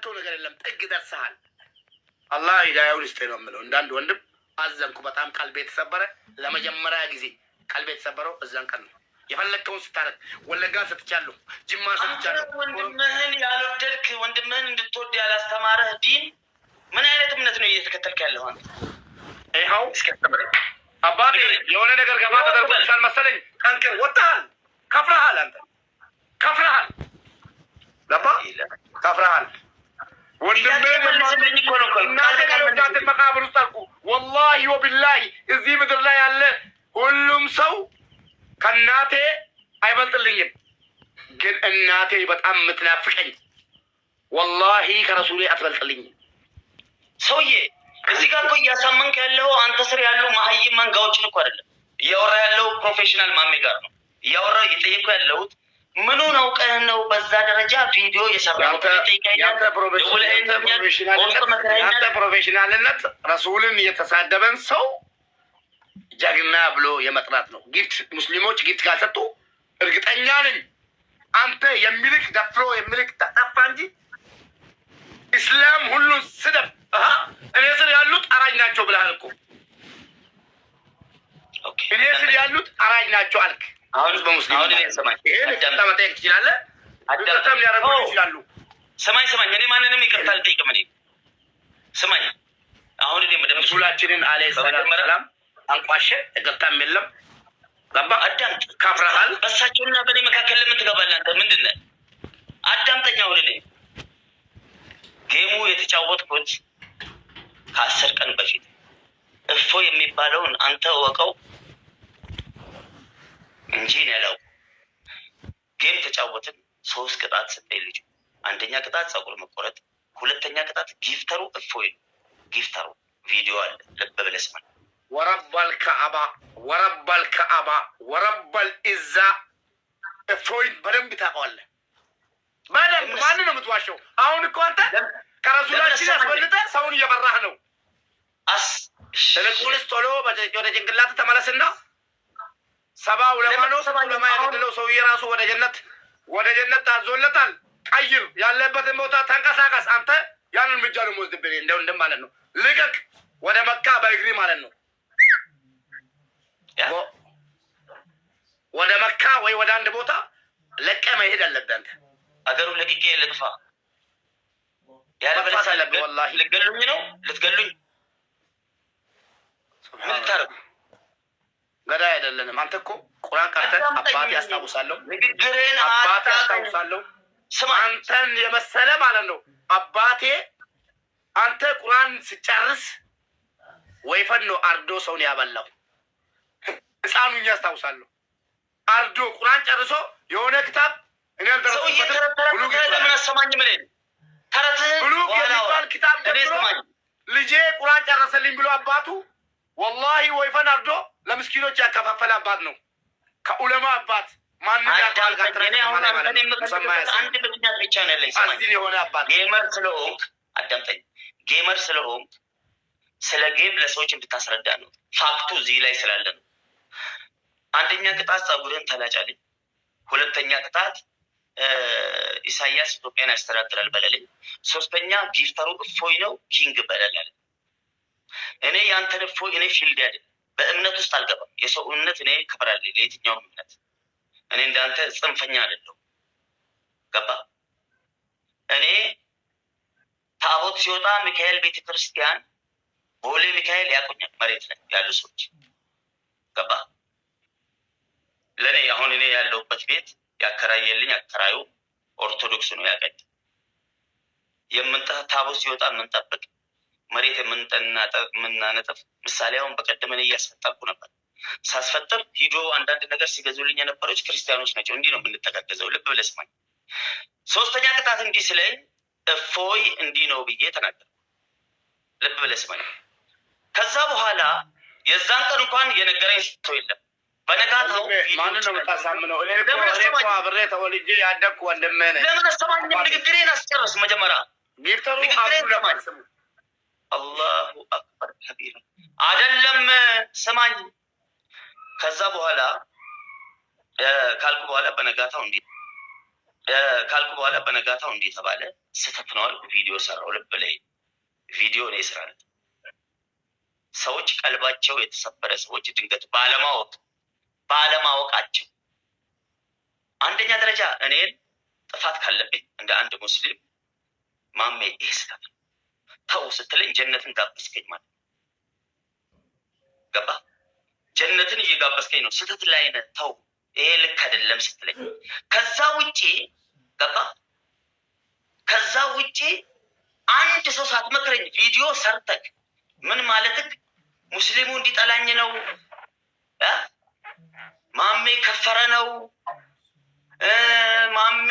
የማትተው ነገር የለም። ጥግ ደርሰሃል። አላህ ሂዳያውን ይስጥ ነው የምለው። እንዳንድ ወንድም አዘንኩ። በጣም ቀልቤ የተሰበረ ለመጀመሪያ ጊዜ ቀልቤ የተሰበረው እዛን ቀን ነው። የፈለግከውን ስታረግ ወለጋ ሰጥቻለሁ፣ ጅማ ሰጥቻለሁ። ወንድምህን ያልወደድክ ወንድምህን እንድትወድ ያላስተማረህ ዲን ምን አይነት እምነት ነው እየተከተልክ ያለሁ? ይኸው አባቴ የሆነ ነገር ገባ ተደርጎ መሰለኝ ጠንቅር ወጥሃል። ከፍረሃል፣ አንተ ከፍረሃል፣ ለባ ከፍረሃል። እናንተን ያልወዳትን መቃብር ውስጥ አልኩ። ወላሂ ወቢላሂ እዚህ ምድር ላይ ያለ ሁሉም ሰው ከእናቴ አይበልጥልኝም፣ ግን እናቴ በጣም የምትናፍቀኝ ወላሂ ከረሱሌ አትበልጥልኝም። ሰውዬ እዚህ ጋር እኮ እያሳመንክ ያለው አንተ ስር ያሉ መሀይም መንጋዎችን እኮ አይደለም እያወራ ያለው ፕሮፌሽናል ማሜ ጋር ነው እያወራ እየጠየኩ ያለሁት ምኑን አውቀህ ነው በዛ ደረጃ ቪዲዮ የሰራው? ፕሮፌሽናልነት ረሱልን የተሳደበን ሰው ጀግና ብሎ የመጥራት ነው። ጊፍት ሙስሊሞች ጊፍት ካልሰጡ እርግጠኛ ነኝ አንተ የሚልክ ደፍሮ የሚልክ ተጠፋ እንጂ እስላም ሁሉን ስደብ እኔ ስር ያሉት አራጅ ናቸው ብለሃል እኮ እኔ ስር ያሉት አራጅ ናቸው አልክ። አሁን በሙስሊም አሁን እኔ ሰማኝ ይቅርታ መጠየቅ ትችላለህ። ይቅርታም ሊያደርጉ እኔ ማንንም ይቅርታ አልጠይቅም። እኔ ስማኝ፣ አሁን እኔ መደም ሱላችንን አለ ሰላም አንቋሸ ይቅርታም የለም። ገባ አዳም ካፍረሃል። በእሳቸውና በእኔ መካከል ለምን ትገባለህ አንተ? ምንድን ነህ? አዳምጠኝ። አሁን እኔ ጌሙ የተጫወትኩት ከአስር ቀን በፊት እፎ የሚባለውን አንተ እወቀው እንጂ ያለው ጌም ተጫወትን። ሶስት ቅጣት ሰጠኝ ልጁ። አንደኛ ቅጣት ፀጉር መቆረጥ፣ ሁለተኛ ቅጣት ጊፍተሩ እፎይ ጊፍተሩ ቪዲዮ አለ። ልብ ማለት ወረባል ከአባ ወረባል ከአባ ወረባል እዛ እፎይን በደንብ ታውቀዋለህ። በደንብ ማን ነው የምትዋሸው? አሁን እኮ አንተ ከረሱላችን ያስበልጠ ሰውን እየበራህ ነው። አስ ቶሎ ወደ ጭንቅላት ተመለስና ሰባ ዑለማ ነው። ሰባ ዑለማ ያገድለው ሰውዬ ወደ ጀነት ወደ ጀነት ታዞለታል። ቀይር ያለበትን ቦታ ተንቀሳቀስ። አንተ ያንን እርምጃ ነው የምወስድብህ እንደው እንደ ማለት ነው። ልቀቅ ወደ መካ በእግሪ ማለት ነው። ወደ መካ ወይ ወደ አንድ ቦታ ለቀ መሄድ አለብህ አንተ። አገሩ ለቅቄ ልጥፋ ያለበለሳ ልገሉኝ ነው ልትገሉኝ ምን ልታረጉ ገዳይ አይደለንም። አንተ እኮ ቁራን ቀርተህ አባቴ አስታውሳለሁ፣ ንግግርህን አባቴ አስታውሳለሁ። አንተን የመሰለ ማለት ነው አባቴ። አንተ ቁራን ስጨርስ ወይፈን ነው አርዶ ሰውን ያበላው። ህፃኑ እኛ አስታውሳለሁ፣ አርዶ ቁራን ጨርሶ የሆነ ክታብ እኔ ለምን አሰማኝም እኔ የሚባል ክታብ ደብሮ ልጄ ቁራን ጨረሰልኝ ብሎ አባቱ ወላሂ ወይፈን አርዶ ለምስኪኖች ያከፋፈለ አባት ነው። ከኡለማ አባት ማንም ጌመር ስለ ጌም ለሰዎች እንድታስረዳ ነው። ፋክቱ እዚህ ላይ ስላለ ነው። አንደኛ ቅጣት ጸጉርህን ተላጫልኝ፣ ሁለተኛ ቅጣት ኢሳያስ ኢትዮጵያን ያስተዳድራል በለልኝ፣ ሶስተኛ ጊፍተሩ እፎይ ነው ኪንግ በለላል። እኔ ያንተን እፎይ እኔ ፊልድ ያድ በእምነት ውስጥ አልገባም። የሰው እምነት እኔ ክብር ለየትኛውም እምነት። እኔ እንዳንተ ጽንፈኛ አይደለሁም። ገባ እኔ ታቦት ሲወጣ ሚካኤል ቤተ ክርስቲያን ቦሌ ሚካኤል ያቆኛል። መሬት ላይ ያሉ ሰዎች ገባ ለእኔ አሁን እኔ ያለሁበት ቤት ያከራየልኝ አከራዩ ኦርቶዶክስ ነው። ያቀኝ የምንጠ ታቦት ሲወጣ የምንጠብቅ መሬት የምናነጥፍ ምሳሌ አሁን በቀደም እያስፈጠርኩ ነበር። ሳስፈጥር ሂዶ አንዳንድ ነገር ሲገዙልኝ የነበሮች ክርስቲያኖች ናቸው። እንዲህ ነው የምንጠጋገዘው ልብ ብለስማኝ ሶስተኛ ቅጣት እንዲህ ስለኝ እፎይ እንዲህ ነው ብዬ ተናገር። ልብ ብለስማኝ ከዛ በኋላ የዛን ቀን እንኳን የነገረኝ ሰው የለም። በነጋታው ማንን ነው የምታሳምነው? ለምን አሰማኝም? ንግግሬን አስጨረስ መጀመሪያ አላሁ አክበር ከቢራ አይደለም ስማኝ። ከዛ በኋላ ካልኩ በኋላ በነጋታው እንዲ ካልኩ በኋላ በነጋታው እንዲ ተባለ። ስህተት ነው ቪዲዮ ሰራው። ልብ ላይ ቪዲዮ ነው ይስራል። ሰዎች ቀልባቸው የተሰበረ ሰዎች ድንገት ባለማወቅ ባለማወቃቸው አንደኛ ደረጃ እኔን ጥፋት ካለብኝ እንደ አንድ ሙስሊም ማሜ ይህ ስህተት ነው ተው ስትለኝ ጀነትን ጋበዝከኝ ማለት ገባ። ጀነትን እየጋበዝከኝ ነው። ስህተት ላይ ነህ፣ ተው ይሄ ልክ አይደለም ስትለኝ ከዛ ውጪ ገባ። ከዛ ውጪ አንድ ሰው ሳትመክረኝ ቪዲዮ ሰርተክ ምን ማለትክ ሙስሊሙ እንዲጠላኝ ነው፣ ማሜ ከፈረ ነው ማሜ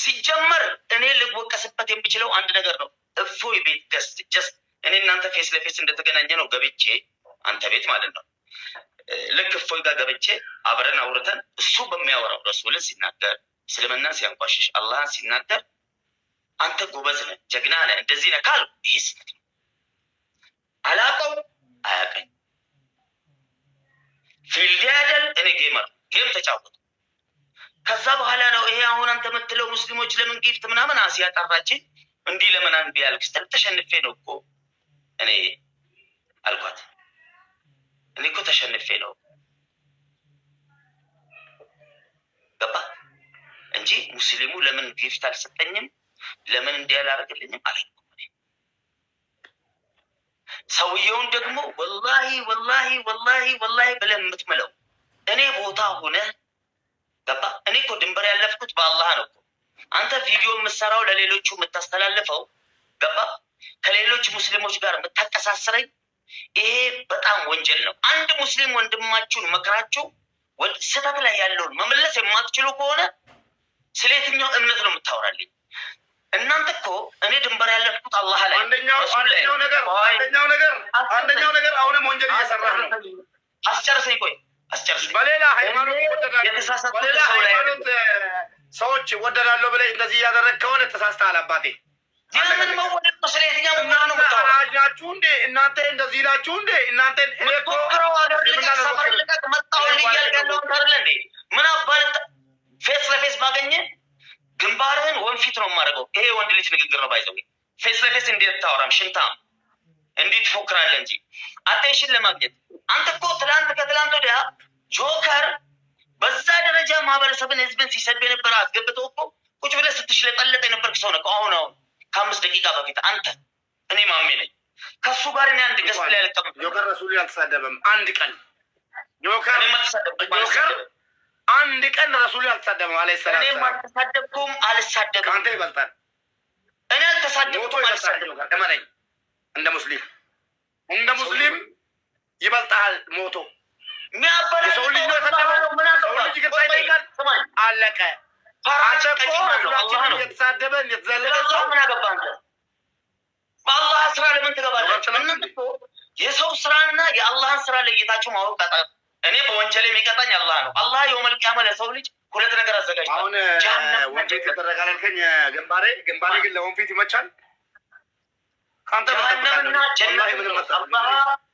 ሲጀመር እኔ ልወቀስበት የምችለው አንድ ነገር ነው። እፎይ ቤት ደስ ጀስት እኔ እናንተ ፌስ ለፌስ እንደተገናኘ ነው ገብቼ አንተ ቤት ማለት ነው። ልክ እፎይ ጋር ገብቼ አብረን አውርተን እሱ በሚያወራው ረሱልን ሲናገር እስልምና ሲያንቋሽሽ አላህን ሲናገር አንተ ጎበዝ ነህ፣ ጀግና ነህ፣ እንደዚህ ነህ ካል ይህ ስህተት ነው። አላቀው አያቀኝ ፊልድ ያደል እኔ ጌመር ጌም ተጫወቱ። ከዛ በኋላ ነው ይሄ አሁን አንተ የምትለው ሙስሊሞች ለምን ጊፍት ምናምን አስያጠራችን እንዲህ ለምን አንቢ ያልክ ስትል ተሸንፌ ነው እኮ እኔ አልኳት። እኔ እኮ ተሸንፌ ነው ገባ እንጂ ሙስሊሙ ለምን ጊፍት አልሰጠኝም፣ ለምን እንዲህ አላደርግልኝም አለኝ። ሰውየውን ደግሞ ወላሂ ወላሂ ወላሂ ወላሂ ብለን የምትምለው እኔ ቦታ ሆነ ገባ። እኔ እኮ ድንበር ያለፍኩት በአላህ ነው እኮ አንተ ቪዲዮ የምትሰራው ለሌሎቹ የምታስተላልፈው ገባ ከሌሎች ሙስሊሞች ጋር የምታቀሳስረኝ ይሄ በጣም ወንጀል ነው። አንድ ሙስሊም ወንድማችሁን መክራችሁ ስህተት ላይ ያለውን መመለስ የማትችሉ ከሆነ ስለ የትኛው እምነት ነው የምታወራልኝ? እናንተ እኮ እኔ ድንበር ያለፍኩት አላህ ላይ አንደኛው ነገር አንደኛው ነገር አንደኛው ነገር አሁንም ወንጀል እየሰራ ነው። አስጨርሰኝ፣ ቆይ አስጨርሰኝ። በሌላ ሃይማኖት የተሳሳተ ሰው ላይ ሰዎች እወደዳለሁ ብለህ እንደዚህ እያደረግ ከሆነ ተሳስተሃል አባቴ። ያንን መወደድ እናንተ እንደዚህ ይላችሁ እንዴ እናንተ ምን አባት ፌስ ለፌስ ባገኘ ግንባርህን ወንፊት ነው የማደርገው። ይሄ ወንድ ልጅ ንግግር ነው። ባይዘው ፌስ ለፌስ እንዴት ታወራም? ሽንታም እንዴት ትፎክራለህ እንጂ አቴንሽን ለማግኘት አንተ እኮ ትላንት ከትላንት ወዲያ ጆከር በዛ ደረጃ ማህበረሰብን ህዝብን ሲሰድ የነበረ አስገብተው እኮ ቁጭ ብለህ ስትሽለጠለጥ የነበርክ ሰው ነው። አሁን አሁን ከአምስት ደቂቃ በፊት አንተ እኔ ማሜ ነኝ ከሱ ጋር እኔ አንድ ገስ ላይ ያለቀም ጆከር ረሱሉ አልተሳደበም። አንድ ቀን ጆከር ጆከር አንድ ቀን ረሱሉ አልተሳደበም። አለ ሰላ እኔ አልተሳደብኩም፣ አልሳደብም። አንተ ይበልጣል። እኔ አልተሳደብኩም፣ አልሳደብም። እመነኝ፣ እንደ ሙስሊም እንደ ሙስሊም ይበልጣል ሞቶ ሰው ልጅ ነው አለቀ። አንተ እየተዘለቀ ምን አገባህ በአላህ ስራ ለምን ትገባላችሁ? የሰው ስራና የአላህን ስራ ለጌታችሁ ማወቅ ጠጠ እኔ በወንጀል የሚቀጣኝ አላህ ነው። አላህ የውመል ቂያማ ለሰው ልጅ ሁለት ነገር አዘጋጅቷል። አሁን ወንጀል ተደረገ አላልከኝ? ግንባሬ ግንባሬ ግን ለወንፊት ይመቻል። ከአንተ ምንም ጀና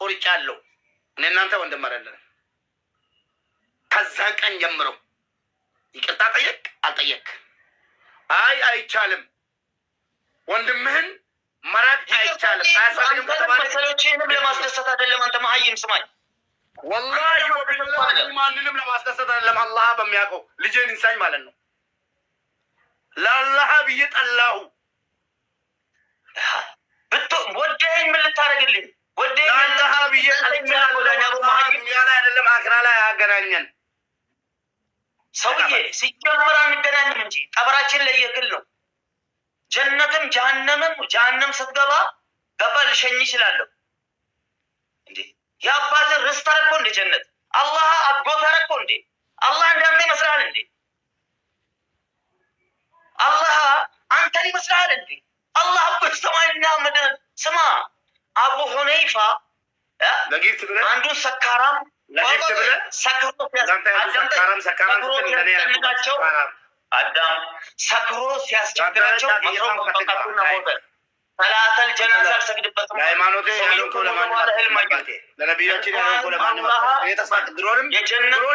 ቆርጫ አለው። እኔ እናንተ ወንድም አይደለን። ከዛን ቀን ጀምሮ ይቅርታ ጠየቅ አልጠየቅ፣ አይ አይቻልም፣ ወንድምህን መራቅ አይቻልም፣ አያሳልም ከተባለችንም ለማስደሰት አይደለም። አንተ መሀይም ስማኝ፣ ወላሂ ማንንም ለማስደሰት አይደለም። አላህ በሚያውቀው ልጄን እንሳኝ ማለት ነው። ለአላህ ብዬ ጠላሁ። ወደኸኝ ምን ልታደርግልኝ ለአላህ ብዬ ሚያ ላይ አገናኘን። ሰውዬ ሲጀመር አንገናኝም እንጂ ቀበራችን ለየክል ነው። ጀነትም ጀሀነምም ጀሀነም ስትገባ ገባ ልሸኝ ይችላለሁ እንዴ? ርስት አረኮ እንደ ጀነት አላህ አጎት አረኮ እንዴ? አላህ እንዳንተ ይመስልሃል እንዴ? አላህ አንተን ይመስልሃል እንዴ? አላህ በሰማይና ምድር ስማ አቡ ሁነይፋ አንዱን ሰካራም ሰክሮ አዳም ሰክሮ ሲያስቸግራቸው ሰላተል ጀናዛ አልሰግድበትም። ለነቢያችን ነው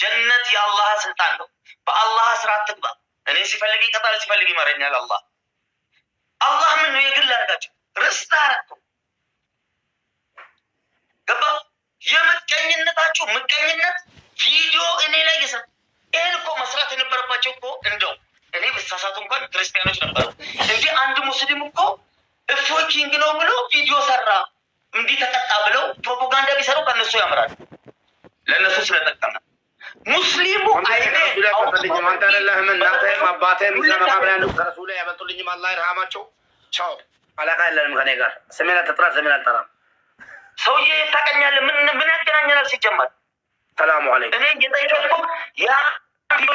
ጀነት የአላህ ስልጣን ነው። በአላህ ስራ አትግባ እኔ ሲፈልግ ይቀጣል፣ ሲፈልግ ይመረኛል። አላ አላህ ምን ነው የግል አድርጋቸው ርስት አረከው ገባ። የምቀኝነታችሁ ምቀኝነት ቪዲዮ እኔ ላይ የሰ ይህን እኮ መስራት የነበረባቸው እኮ እንደው እኔ በተሳሳቱ እንኳን ክርስቲያኖች ነበሩ። እንዲህ አንድ ሙስሊም እኮ እፎኪንግ ነው ብሎ ቪዲዮ ሰራ እንዲህ ተቀጣ ብለው ፕሮፓጋንዳ ቢሰሩ ከእነሱ ያምራል ለእነሱ ስለጠቀም ሙስሊሙ እናቴም አባቴም ዘመካብሪያ ከረሱላ ያበልጡልኝም አላህ ይርሃማቸው። ቻው አላቃ የለንም ከኔ ጋር ስሜን አትጥራ፣ ስሜን አልጠራም። ሰውዬ የታቀኛለ ምን ያገናኘናል? ሲጀመር ሰላሙ አለይኩም እኔ እየጠየቁ ያ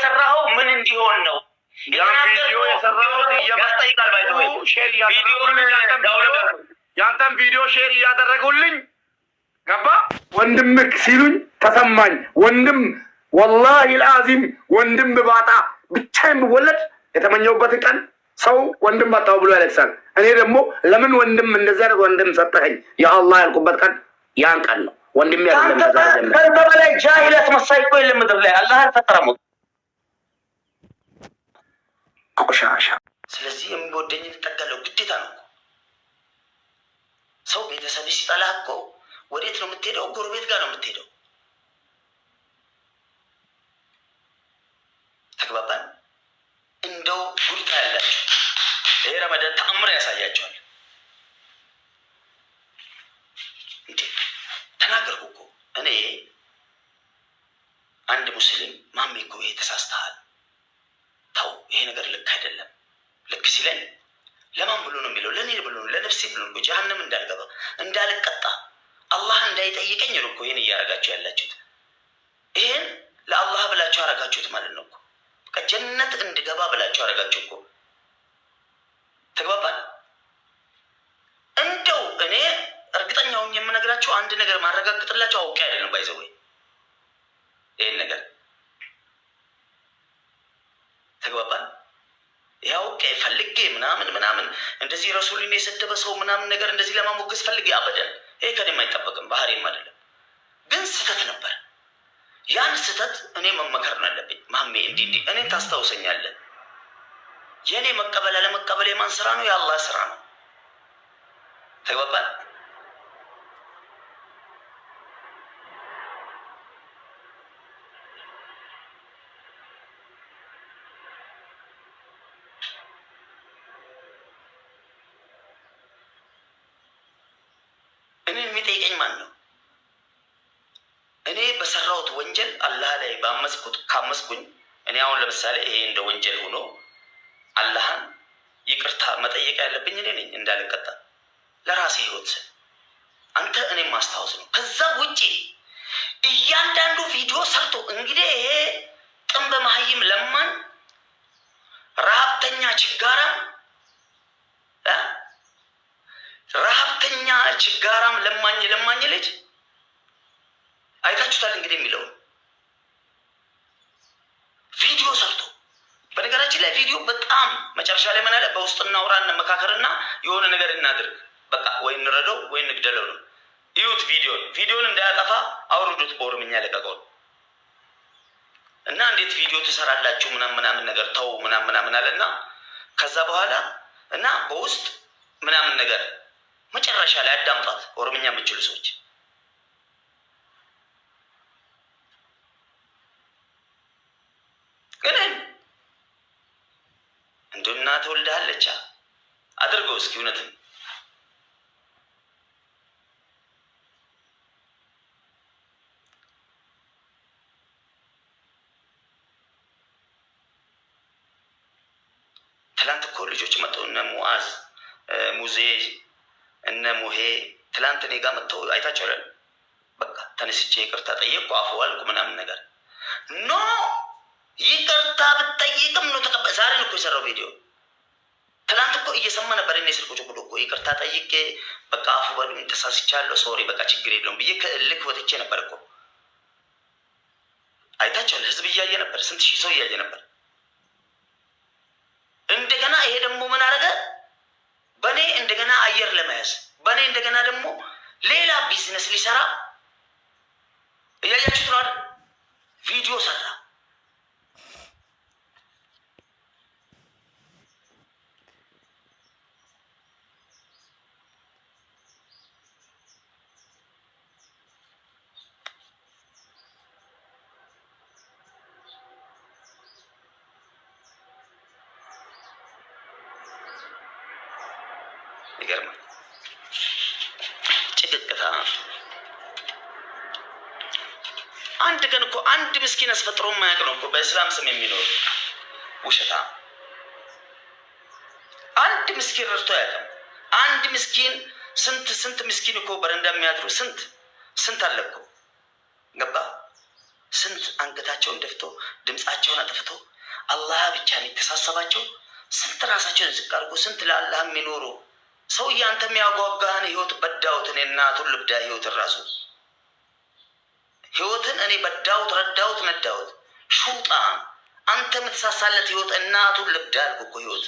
ሰራኸው ምን እንዲሆን ነው ያንተን ቪዲዮ ሼር እያደረጉልኝ ገባ ወንድምክ ሲሉኝ ተሰማኝ ወንድም ወላሂ ልአዚም ወንድም ባጣ ብቻዬን ብወለድ የተመኘውበት ቀን ሰው ወንድም ባጣው ብሎ ያለቅሳል። እኔ ደግሞ ለምን ወንድም እንደዚህ አይነት ወንድም ሰጠኸኝ የአላህ ያልኩበት ቀን ያን ቀን ነው። ወንድም በላይ ጃሂል አስመሳይ እኮ የለም ምድር ላይ አላህ አልፈጠረም። ቆሻሻ። ስለዚህ የሚወደኝ የተጠቀለው ግዴታ ነው። ሰው ቤተሰብ ሲጠላህ እኮ ወዴት ነው የምትሄደው? ጎረቤት ጋር ነው የምትሄደው ተግባባን። እንደው ጉድታ ያላቸው ይሄ ረመዳን ተአምር ያሳያቸዋል። ተናገርኩ እኮ እኔ አንድ ሙስሊም ማሜ እኮ ይሄ ተሳስተሃል፣ ተው ይሄ ነገር ልክ አይደለም፣ ልክ ሲለኝ ለማን ብሎ ነው የሚለው? ለእኔ ብሎ ነው ለነፍሴ ብሎ ነው። ጀሀነም እንዳልገባ እንዳልቀጣ አላህ እንዳይጠይቀኝ ነው እኮ ይህን እያደረጋችሁ ያላችሁት። ይህን ለአላህ ብላችሁ አረጋችሁት ማለት ነው እኮ ጀነት እንድገባ ብላችሁ አደረጋችሁ እኮ ተግባባል። እንደው እኔ እርግጠኛውን የምነግራችሁ አንድ ነገር ማረጋግጥላችሁ አውቄ አይደለም ባይዘ ወይ ይህን ነገር ተግባባል። ያውቄ ፈልጌ ምናምን ምናምን እንደዚህ ረሱልን የሰደበ ሰው ምናምን ነገር እንደዚህ ለማሞገስ ፈልጌ አበደን። ይሄ ከደም አይጠበቅም ባህሪም አይደለም፣ ግን ስህተት ነበር። ያን ስህተት እኔ መመከር ነው ያለብኝ። ማሜ እንዲ እንዲ እኔን ታስታውሰኛለን። የእኔ መቀበል አለመቀበል የማን ስራ ነው? የአላህ ስራ ነው። ተግባባል። እኔን የሚጠይቀኝ ማን ነው? ካመስኩት ካመስኩኝ እኔ አሁን ለምሳሌ ይሄ እንደ ወንጀል ሆኖ አላህን ይቅርታ መጠየቅ ያለብኝ እኔ ነኝ እንዳልቀጣ ለራሴ ህይወት አንተ እኔ ማስታወስ ነው። ከዛ ውጪ እያንዳንዱ ቪዲዮ ሰርቶ እንግዲህ ይሄ ጥንብ መሀይም ለማን ረሀብተኛ ችጋራም ረሀብተኛ ችጋራም ለማኝ ለማኝ ልጅ አይታችሁታል እንግዲህ የሚለውን ቪዲዮ ሰርቶ በነገራችን ላይ ቪዲዮ በጣም መጨረሻ ላይ ምን አለ፣ በውስጥ እናውራ እንመካከርና የሆነ ነገር እናድርግ፣ በቃ ወይ እንረደው ወይ እንግደለው ነው። እዩት ቪዲዮን፣ ቪዲዮን እንዳያጠፋ አውርዱት፣ በኦሮምኛ ለቀቀው። እና እንዴት ቪዲዮ ትሰራላችሁ ምናም ምናምን ነገር ተው ምናምን አለ አለና ከዛ በኋላ እና በውስጥ ምናምን ነገር መጨረሻ ላይ አዳምጧት፣ ኦሮምኛ የምችሉ ሰዎች ግን እንደ እናት ወልዳለቻ አድርገው እስኪ እውነትም ትላንት እኮ ልጆች መጥተው እነ ሙአዝ ሙዜ እነ ሙሄ ትላንት እኔ ጋር መጥተው አይታቸው በቃ ተነስቼ ይቅርታ ጠየቅኩ አፈዋልኩ ምናምን ነገር ኖ ይቅርታ ብጠይቅም ነው ተቀበ ዛሬ እኮ የሰራው ቪዲዮ ትናንት እኮ እየሰማ ነበር። እኔ ስልኮች ጭቁዶ እኮ ይቅርታ ጠይቄ በቃ አፉ በሉ ተሳስቻለሁ፣ ሶሪ በቃ ችግር የለውም ብዬ ልክ ወጥቼ ነበር እኮ አይታቸዋል። ህዝብ እያየ ነበር፣ ስንት ሺህ ሰው እያየ ነበር። እንደገና ይሄ ደግሞ ምን አደረገ? በእኔ እንደገና አየር ለመያዝ በእኔ እንደገና ደግሞ ሌላ ቢዝነስ ሊሰራ እያያችሁ ነው አይደል? ቪዲዮ ሰራ አንድ ቀን እኮ አንድ ምስኪን አስፈጥሮ ማያቅ ነው እኮ በእስላም ስም የሚኖር ውሸታ። አንድ ምስኪን ረድቶ አያውቅም። አንድ ምስኪን ስንት ስንት ምስኪን እኮ በረንዳ የሚያድሩ ስንት ስንት አለ እኮ ገባ ስንት አንገታቸውን ደፍቶ ድምፃቸውን አጥፍቶ አላህ ብቻ የሚተሳሰባቸው የተሳሰባቸው። ስንት ራሳቸውን ዝቅ አድርጎ ስንት ለአላህ የሚኖሩ ሰውዬ አንተ የሚያጓጋህን ህይወት በዳውትን የእናቱን ልብዳ ህይወትን ራሱ ህይወትን እኔ በዳውት ረዳውት ነዳውት ሹጣ አንተ የምትሳሳለት ህይወት እናቱን ልብዳ አልኩ እኮ ህይወት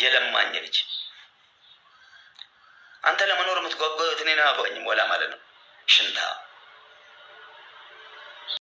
የለማኝ ልጅ አንተ ለመኖር የምትጓጓ ህይወት እኔን አያጓኝም ወላ ማለት ነው ሽንታ